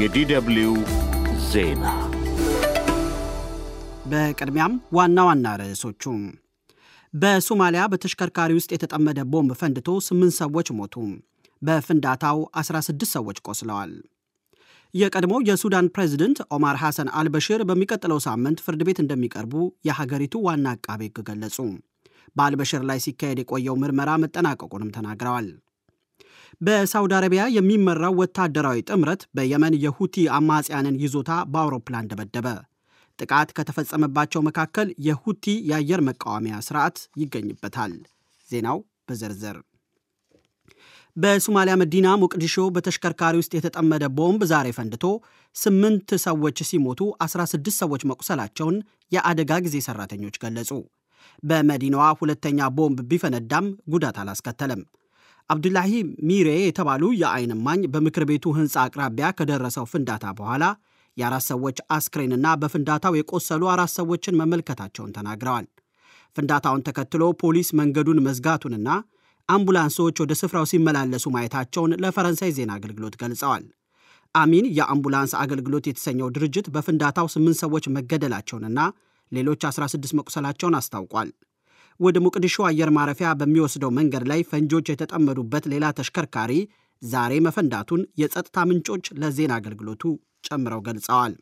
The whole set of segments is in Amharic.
የዲደብልዩ ዜና በቅድሚያም ዋና ዋና ርዕሶቹ በሶማሊያ በተሽከርካሪ ውስጥ የተጠመደ ቦምብ ፈንድቶ ስምንት ሰዎች ሞቱ። በፍንዳታው 16 ሰዎች ቆስለዋል። የቀድሞው የሱዳን ፕሬዝደንት ኦማር ሐሰን አልበሽር በሚቀጥለው ሳምንት ፍርድ ቤት እንደሚቀርቡ የሀገሪቱ ዋና አቃቤ ገለጹ። በአልበሽር ላይ ሲካሄድ የቆየው ምርመራ መጠናቀቁንም ተናግረዋል። በሳውዲ አረቢያ የሚመራው ወታደራዊ ጥምረት በየመን የሁቲ አማጽያንን ይዞታ በአውሮፕላን ደበደበ። ጥቃት ከተፈጸመባቸው መካከል የሁቲ የአየር መቃወሚያ ስርዓት ይገኝበታል። ዜናው በዝርዝር በሶማሊያ መዲና ሞቅዲሾ በተሽከርካሪ ውስጥ የተጠመደ ቦምብ ዛሬ ፈንድቶ ስምንት ሰዎች ሲሞቱ 16 ሰዎች መቁሰላቸውን የአደጋ ጊዜ ሰራተኞች ገለጹ። በመዲናዋ ሁለተኛ ቦምብ ቢፈነዳም ጉዳት አላስከተለም። አብዱላሂ ሚሬ የተባሉ የዓይን ማኝ በምክር ቤቱ ህንፃ አቅራቢያ ከደረሰው ፍንዳታ በኋላ የአራት ሰዎች አስክሬንና በፍንዳታው የቆሰሉ አራት ሰዎችን መመልከታቸውን ተናግረዋል። ፍንዳታውን ተከትሎ ፖሊስ መንገዱን መዝጋቱንና አምቡላንሶች ወደ ስፍራው ሲመላለሱ ማየታቸውን ለፈረንሳይ ዜና አገልግሎት ገልጸዋል። አሚን የአምቡላንስ አገልግሎት የተሰኘው ድርጅት በፍንዳታው ስምንት ሰዎች መገደላቸውንና ሌሎች 16 መቁሰላቸውን አስታውቋል። ወደ ሙቅዲሾ አየር ማረፊያ በሚወስደው መንገድ ላይ ፈንጂዎች የተጠመዱበት ሌላ ተሽከርካሪ ዛሬ መፈንዳቱን የጸጥታ ምንጮች ለዜና አገልግሎቱ ጨምረው ገልጸዋል።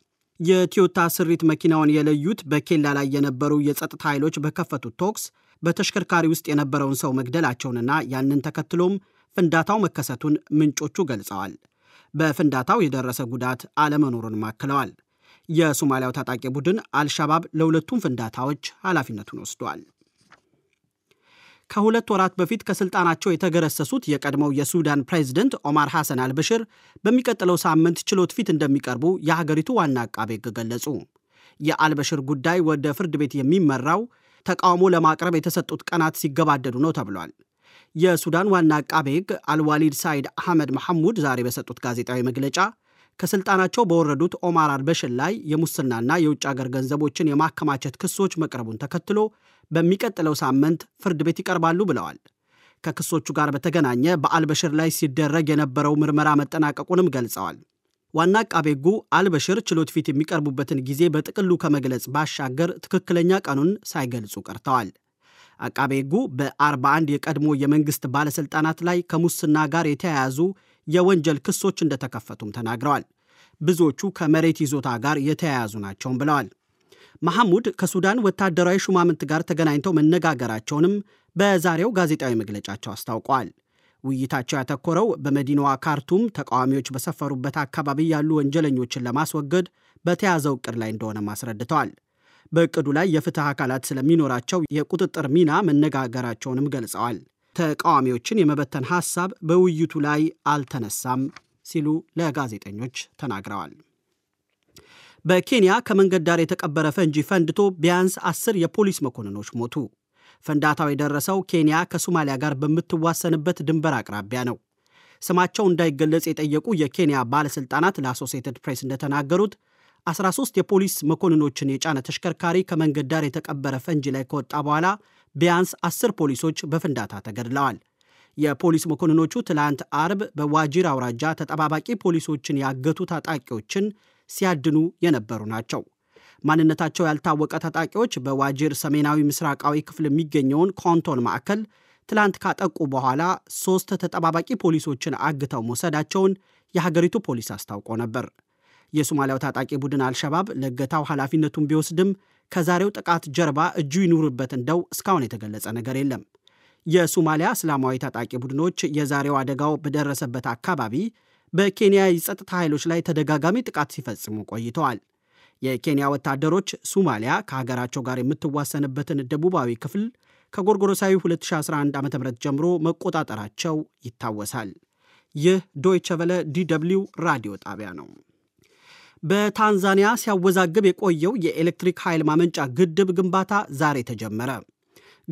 የቲዮታ ስሪት መኪናውን የለዩት በኬላ ላይ የነበሩ የጸጥታ ኃይሎች በከፈቱት ተኩስ በተሽከርካሪ ውስጥ የነበረውን ሰው መግደላቸውንና ያንን ተከትሎም ፍንዳታው መከሰቱን ምንጮቹ ገልጸዋል። በፍንዳታው የደረሰ ጉዳት አለመኖሩንም አክለዋል። የሶማሊያው ታጣቂ ቡድን አልሻባብ ለሁለቱም ፍንዳታዎች ኃላፊነቱን ወስዷል። ከሁለት ወራት በፊት ከስልጣናቸው የተገረሰሱት የቀድሞው የሱዳን ፕሬዝደንት ኦማር ሐሰን አልበሽር በሚቀጥለው ሳምንት ችሎት ፊት እንደሚቀርቡ የሀገሪቱ ዋና አቃቤ ሕግ ገለጹ። የአልበሽር ጉዳይ ወደ ፍርድ ቤት የሚመራው ተቃውሞ ለማቅረብ የተሰጡት ቀናት ሲገባደዱ ነው ተብሏል። የሱዳን ዋና አቃቤ ሕግ አልዋሊድ ሳይድ አህመድ መሐሙድ ዛሬ በሰጡት ጋዜጣዊ መግለጫ ከስልጣናቸው በወረዱት ኦማር አልበሽር ላይ የሙስናና የውጭ አገር ገንዘቦችን የማከማቸት ክሶች መቅረቡን ተከትሎ በሚቀጥለው ሳምንት ፍርድ ቤት ይቀርባሉ ብለዋል። ከክሶቹ ጋር በተገናኘ በአልበሽር ላይ ሲደረግ የነበረው ምርመራ መጠናቀቁንም ገልጸዋል። ዋና አቃቤ ሕጉ አልበሽር ችሎት ፊት የሚቀርቡበትን ጊዜ በጥቅሉ ከመግለጽ ባሻገር ትክክለኛ ቀኑን ሳይገልጹ ቀርተዋል። አቃቤ ሕጉ በ41 የቀድሞ የመንግሥት ባለሥልጣናት ላይ ከሙስና ጋር የተያያዙ የወንጀል ክሶች እንደተከፈቱም ተናግረዋል። ብዙዎቹ ከመሬት ይዞታ ጋር የተያያዙ ናቸውም ብለዋል። መሐሙድ ከሱዳን ወታደራዊ ሹማምንት ጋር ተገናኝተው መነጋገራቸውንም በዛሬው ጋዜጣዊ መግለጫቸው አስታውቀዋል። ውይይታቸው ያተኮረው በመዲናዋ ካርቱም ተቃዋሚዎች በሰፈሩበት አካባቢ ያሉ ወንጀለኞችን ለማስወገድ በተያዘው እቅድ ላይ እንደሆነም አስረድተዋል። በእቅዱ ላይ የፍትህ አካላት ስለሚኖራቸው የቁጥጥር ሚና መነጋገራቸውንም ገልጸዋል። ተቃዋሚዎችን የመበተን ሐሳብ በውይይቱ ላይ አልተነሳም ሲሉ ለጋዜጠኞች ተናግረዋል። በኬንያ ከመንገድ ዳር የተቀበረ ፈንጂ ፈንድቶ ቢያንስ አስር የፖሊስ መኮንኖች ሞቱ። ፈንዳታው የደረሰው ኬንያ ከሶማሊያ ጋር በምትዋሰንበት ድንበር አቅራቢያ ነው። ስማቸው እንዳይገለጽ የጠየቁ የኬንያ ባለሥልጣናት ለአሶሴትድ ፕሬስ እንደተናገሩት 13 የፖሊስ መኮንኖችን የጫነ ተሽከርካሪ ከመንገድ ዳር የተቀበረ ፈንጂ ላይ ከወጣ በኋላ ቢያንስ አስር ፖሊሶች በፍንዳታ ተገድለዋል። የፖሊስ መኮንኖቹ ትላንት አርብ በዋጅር አውራጃ ተጠባባቂ ፖሊሶችን ያገቱ ታጣቂዎችን ሲያድኑ የነበሩ ናቸው። ማንነታቸው ያልታወቀ ታጣቂዎች በዋጅር ሰሜናዊ ምስራቃዊ ክፍል የሚገኘውን ኮንቶን ማዕከል ትላንት ካጠቁ በኋላ ሦስት ተጠባባቂ ፖሊሶችን አግተው መውሰዳቸውን የሀገሪቱ ፖሊስ አስታውቆ ነበር። የሶማሊያው ታጣቂ ቡድን አልሸባብ ለእገታው ኃላፊነቱን ቢወስድም ከዛሬው ጥቃት ጀርባ እጁ ይኑርበት እንደው እስካሁን የተገለጸ ነገር የለም። የሱማሊያ እስላማዊ ታጣቂ ቡድኖች የዛሬው አደጋው በደረሰበት አካባቢ በኬንያ የጸጥታ ኃይሎች ላይ ተደጋጋሚ ጥቃት ሲፈጽሙ ቆይተዋል። የኬንያ ወታደሮች ሱማሊያ ከሀገራቸው ጋር የምትዋሰንበትን ደቡባዊ ክፍል ከጎርጎሮሳዊ 2011 ዓ ም ጀምሮ መቆጣጠራቸው ይታወሳል። ይህ ዶይቸ ቨለ ዲ ደብልዩ ራዲዮ ጣቢያ ነው። በታንዛኒያ ሲያወዛግብ የቆየው የኤሌክትሪክ ኃይል ማመንጫ ግድብ ግንባታ ዛሬ ተጀመረ።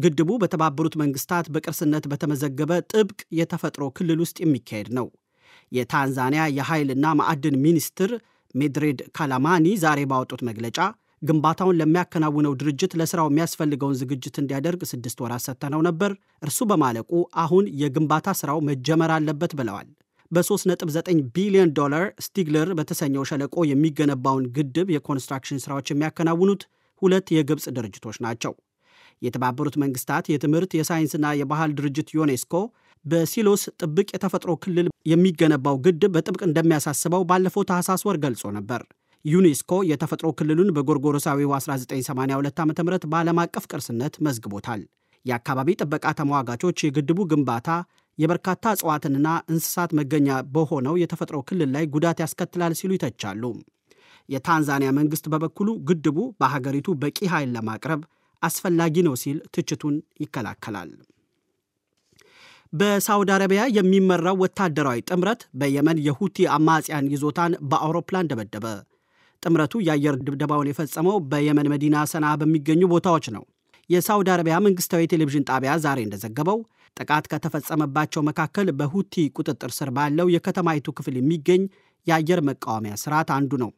ግድቡ በተባበሩት መንግስታት በቅርስነት በተመዘገበ ጥብቅ የተፈጥሮ ክልል ውስጥ የሚካሄድ ነው። የታንዛኒያ የኃይልና ማዕድን ሚኒስትር ሜድሬድ ካላማኒ ዛሬ ባወጡት መግለጫ ግንባታውን ለሚያከናውነው ድርጅት ለሥራው የሚያስፈልገውን ዝግጅት እንዲያደርግ ስድስት ወራት ሰጥተነው ነበር፣ እርሱ በማለቁ አሁን የግንባታ ሥራው መጀመር አለበት ብለዋል። በ3.9 ቢሊዮን ዶላር ስቲግለር በተሰኘው ሸለቆ የሚገነባውን ግድብ የኮንስትራክሽን ስራዎች የሚያከናውኑት ሁለት የግብፅ ድርጅቶች ናቸው። የተባበሩት መንግስታት የትምህርት የሳይንስና የባህል ድርጅት ዩኔስኮ በሲሎስ ጥብቅ የተፈጥሮ ክልል የሚገነባው ግድብ በጥብቅ እንደሚያሳስበው ባለፈው ታህሳስ ወር ገልጾ ነበር። ዩኔስኮ የተፈጥሮ ክልሉን በጎርጎሮሳዊው 1982 ዓ ም በዓለም አቀፍ ቅርስነት መዝግቦታል። የአካባቢ ጥበቃ ተሟጋቾች የግድቡ ግንባታ የበርካታ እጽዋትንና እንስሳት መገኛ በሆነው የተፈጥሮ ክልል ላይ ጉዳት ያስከትላል ሲሉ ይተቻሉ። የታንዛኒያ መንግስት በበኩሉ ግድቡ በሀገሪቱ በቂ ኃይል ለማቅረብ አስፈላጊ ነው ሲል ትችቱን ይከላከላል። በሳውዲ አረቢያ የሚመራው ወታደራዊ ጥምረት በየመን የሁቲ አማጽያን ይዞታን በአውሮፕላን ደበደበ። ጥምረቱ የአየር ድብደባውን የፈጸመው በየመን መዲና ሰና በሚገኙ ቦታዎች ነው። የሳውዲ አረቢያ መንግስታዊ ቴሌቪዥን ጣቢያ ዛሬ እንደዘገበው ጥቃት ከተፈጸመባቸው መካከል በሁቲ ቁጥጥር ስር ባለው የከተማይቱ ክፍል የሚገኝ የአየር መቃወሚያ ስርዓት አንዱ ነው።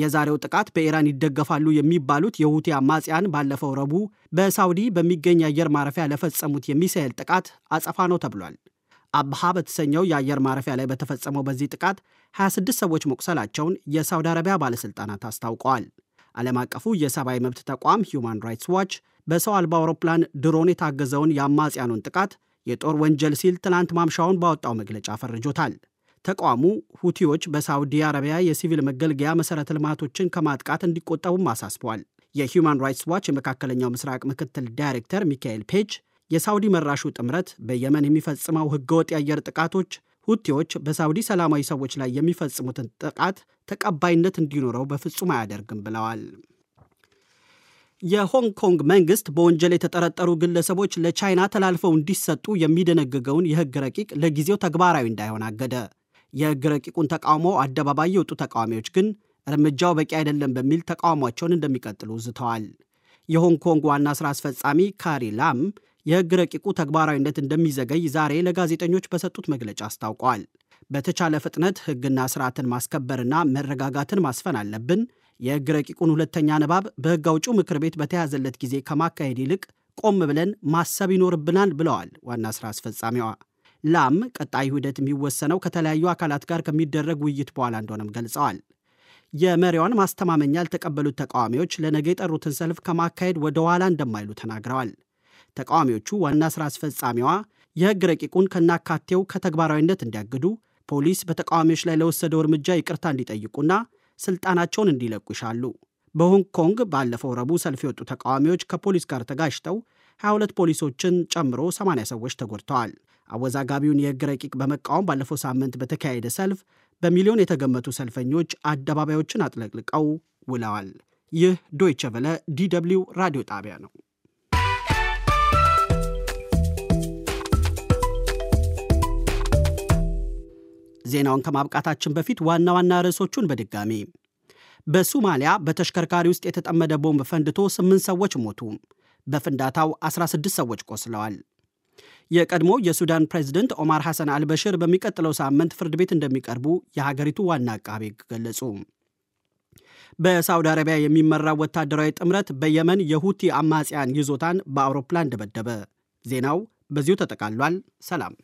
የዛሬው ጥቃት በኢራን ይደገፋሉ የሚባሉት የሁቲ አማጽያን ባለፈው ረቡዕ በሳውዲ በሚገኝ የአየር ማረፊያ ለፈጸሙት የሚሳኤል ጥቃት አጸፋ ነው ተብሏል። አብሃ በተሰኘው የአየር ማረፊያ ላይ በተፈጸመው በዚህ ጥቃት 26 ሰዎች መቁሰላቸውን የሳውዲ አረቢያ ባለሥልጣናት አስታውቀዋል። ዓለም አቀፉ የሰብአዊ መብት ተቋም ሂውማን ራይትስ ዋች በሰው አልባ አውሮፕላን ድሮን የታገዘውን የአማጽያኑን ጥቃት የጦር ወንጀል ሲል ትናንት ማምሻውን ባወጣው መግለጫ ፈርጆታል። ተቋሙ ሁቲዎች በሳውዲ አረቢያ የሲቪል መገልገያ መሠረተ ልማቶችን ከማጥቃት እንዲቆጠቡም አሳስበዋል። የሂውማን ራይትስ ዋች የመካከለኛው ምስራቅ ምክትል ዳይሬክተር ሚካኤል ፔጅ የሳውዲ መራሹ ጥምረት በየመን የሚፈጽመው ህገወጥ የአየር ጥቃቶች ሁቲዎች በሳውዲ ሰላማዊ ሰዎች ላይ የሚፈጽሙትን ጥቃት ተቀባይነት እንዲኖረው በፍጹም አያደርግም ብለዋል። የሆንግ ኮንግ መንግስት በወንጀል የተጠረጠሩ ግለሰቦች ለቻይና ተላልፈው እንዲሰጡ የሚደነግገውን የህግ ረቂቅ ለጊዜው ተግባራዊ እንዳይሆን አገደ። የህግ ረቂቁን ተቃውሞ አደባባይ የወጡ ተቃዋሚዎች ግን እርምጃው በቂ አይደለም በሚል ተቃውሟቸውን እንደሚቀጥሉ ዝተዋል። የሆንግ ኮንግ ዋና ሥራ አስፈጻሚ ካሪ ላም የህግ ረቂቁ ተግባራዊነት እንደሚዘገይ ዛሬ ለጋዜጠኞች በሰጡት መግለጫ አስታውቋል። በተቻለ ፍጥነት ህግና ስርዓትን ማስከበርና መረጋጋትን ማስፈን አለብን የሕግ ረቂቁን ሁለተኛ ንባብ በሕግ አውጪው ምክር ቤት በተያዘለት ጊዜ ከማካሄድ ይልቅ ቆም ብለን ማሰብ ይኖርብናል ብለዋል ዋና ሥራ አስፈጻሚዋ። ላም ቀጣይ ሂደት የሚወሰነው ከተለያዩ አካላት ጋር ከሚደረግ ውይይት በኋላ እንደሆነም ገልጸዋል። የመሪዋን ማስተማመኛ ያልተቀበሉት ተቃዋሚዎች ለነገ የጠሩትን ሰልፍ ከማካሄድ ወደ ኋላ እንደማይሉ ተናግረዋል። ተቃዋሚዎቹ ዋና ሥራ አስፈጻሚዋ የሕግ ረቂቁን ከናካቴው ከተግባራዊነት እንዲያግዱ፣ ፖሊስ በተቃዋሚዎች ላይ ለወሰደው እርምጃ ይቅርታ እንዲጠይቁና ስልጣናቸውን እንዲለቁ ይሻሉ። በሆንግ ኮንግ ባለፈው ረቡዕ ሰልፍ የወጡ ተቃዋሚዎች ከፖሊስ ጋር ተጋጭተው 22 ፖሊሶችን ጨምሮ 80 ሰዎች ተጎድተዋል። አወዛጋቢውን የሕግ ረቂቅ በመቃወም ባለፈው ሳምንት በተካሄደ ሰልፍ በሚሊዮን የተገመቱ ሰልፈኞች አደባባዮችን አጥለቅልቀው ውለዋል። ይህ ዶይቸ ቨለ ዲ ደብልዩ ራዲዮ ጣቢያ ነው። ዜናውን ከማብቃታችን በፊት ዋና ዋና ርዕሶቹን በድጋሚ በሱማሊያ በተሽከርካሪ ውስጥ የተጠመደ ቦምብ ፈንድቶ ስምንት ሰዎች ሞቱ። በፍንዳታው 16 ሰዎች ቆስለዋል። የቀድሞ የሱዳን ፕሬዝደንት ኦማር ሐሰን አልበሽር በሚቀጥለው ሳምንት ፍርድ ቤት እንደሚቀርቡ የሀገሪቱ ዋና አቃቤ ገለጹ። በሳውዲ አረቢያ የሚመራው ወታደራዊ ጥምረት በየመን የሁቲ አማጽያን ይዞታን በአውሮፕላን ደበደበ። ዜናው በዚሁ ተጠቃሏል። ሰላም